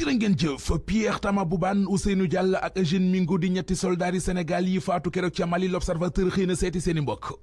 jërë ngeen jëf Pierre Tama Boubane Ousseynou Diallo ak Eugène Mingo di ñetti soldaari Sénégal yi faatu keroog ca Mali l'observateur xëy na seeti seeni mbokk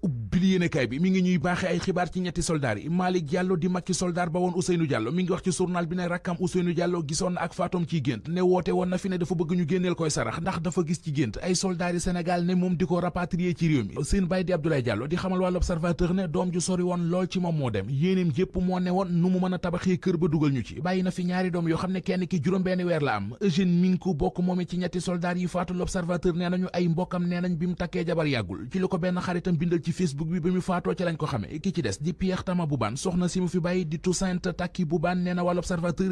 li yéenekaay bi mi ngi ñuy baaxe ay xibaar ci ñetti soldaar yi Malick Diallo di makki soldaar ba woon Ousseynou Diallo mi ngi wax ci journal bi ne rakkam Ousseynou Diallo gisoon na ak faatom ci gént ne woote woon na fi ne dafa bëgg ñu génneel koy sarax ndax dafa gis ci gént ay soldaar yi Sénégal ne moom di ko rapatrier ci réew mi seen baay di Abdoulaye Diallo di xamal waa L'Observateur ne doom ju sori woon lool ci moom moo dem yéeneem yépp moo ne woon nu mu mën a tabaxee kër ba dugal ñu ci bàyyi na fi ñaari ne kenn ki juróom benn weer la am Eugène Minko bokk moom ci ñetti soldaar yi faatu L'Observateur bi bi mu faatoo ci lañ ko xamee ki ci des di Pierre Tama Boubane soxna si mu fi bàyyi di Toussaint Takki Boubane nee na wàll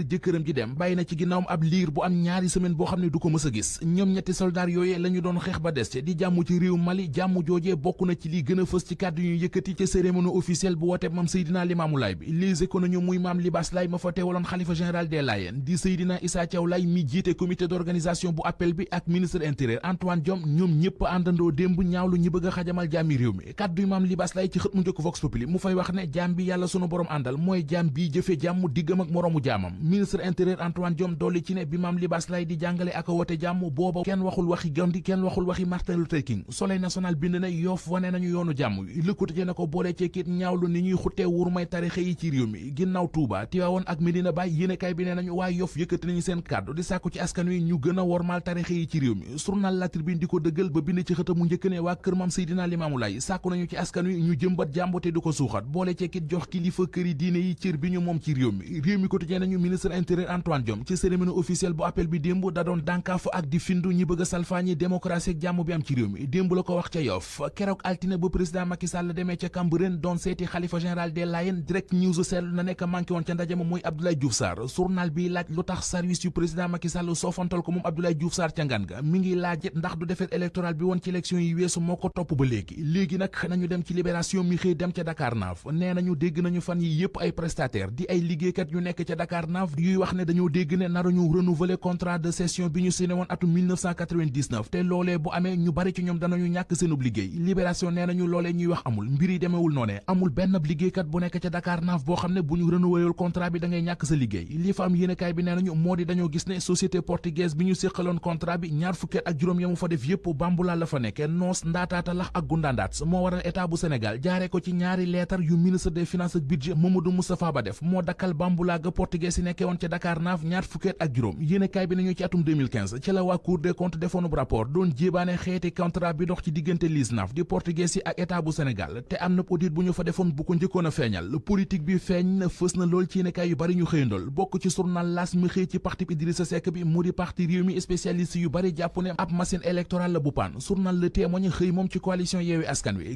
jëkkëram ji dem bàyyi na ci ginnaawam ab liir bu am ñaari semaine boo xam ne du ko mës a gis ñoom ñetti soldaar yooyee la doon xeex ba des di jàmm ci réew Mali jàmm joojee bokk na ci li gën a fës ci kàddu yu yëkkati ca cérémonie officielle bu wooteb mam Seydina Limaamu Laay bi Les Échos nañu muy maam Libaas Laay ma fa teewaloon xalifa général des Layènes di Seydina Issa Thiaw Laay mi jiite comité d'organisation bu appel bi ak ministre intérieur Antoine Diome ñoom ñëpp àndandoo démb ñaawlu ñi bëgg a xajamal jàmmi réew am libaas lay ci xët mu njëkk vox populi mu fay wax ne jaam bi yàlla sunu borom àndal mooy jaam bi jëfe jàmm diggam ak moroomu jaamam ministre intérieur Antoine Diome dolli ci ne bi maam libaas lay di jàngale ak a jàmm booba kenn waxul waxi Gandhi kenn waxul waxi Martin Luther King soleil national bind na yoof wane nañu yoonu jàmm lëkkute na ko boole ci kit ni ñuy xuttee wurmay tarixe yi ci réew mi ginnaaw Touba Tiwaawoon ak Medina Baay askan wi ñu te di ko suuxat boole cekkit jox kilifa këri diine yi cër bi ñu moom ci réew mi réew mi quotidien nañu ministre intérieur Antoine Diome ci cérémonie officielle bu appel bi démb da doon dànkaafu ak di findu ñi bëgg a salfaañi démocratie ak jàmm bi am ci réew mi démb la ko wax ca Yoff keroog altine bu président Macky Sall ca Cambérène doon seeti xalifa général des Layènes direct news seetlu na nekk manqué ca ndaje ma mooy Abdoulaye ci libération mi xëy dem ca Dakar Naaf nee nañu dégg nañu fan yi yëpp ay prestataire di ay liggéeykat yu nekk ca Dakar Naaf yuy wax ne dañoo dégg ne naruñu renouveler contrat de ñu signé woon atum 1999 te loolee bu amee ñu bari ci ñoom danañu ñàkk seenub liggéey libération nee nañu loolee ñuy wax amul mbir yi demeewul noonee amul benn liggéeykat bu nekk ca Dakar Naaf boo xam ne bu ñu renouveler contrat bi da ñàkk sa liggéey li fa am yéenekaay bi nee nañu moo di dañoo gis ne société portugaise bi ñu séqaloon contrat bi ñaar fukkeet ak juróom yamu fa def yëpp bambulaa bu ko ci ñaari leetar yu ministre des finances ak budget Mamadou Moustapha Ba def moo dakkal bambulaa ga portugais si ca Dakar naaf ñaar fukkeet ak juróom yéenekaay bi nañu ci atum ci la waa Cour defoonub rapport doon jéebaane xeeti contrat bi dox ci diggante LISNAF di portugais yi ak état bu Sénégal te am na audit bu ñu fa defoon bu ko njëkkoon feeñal politique bi feeñ na fës na lool ci yéenekaay yu bari ñu xëy ci parti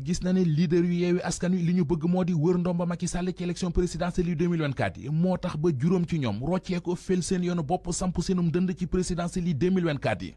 ci leader yu yeewi askan li ñu bëgg moo di wër ndomba Macky Sall ci élection présidentielle yu 2024 yi moo tax ba juróom ci ñoom rocceeko fel seen yoonu bopp samp seenum dënd ci présidentielle yi 2024 yi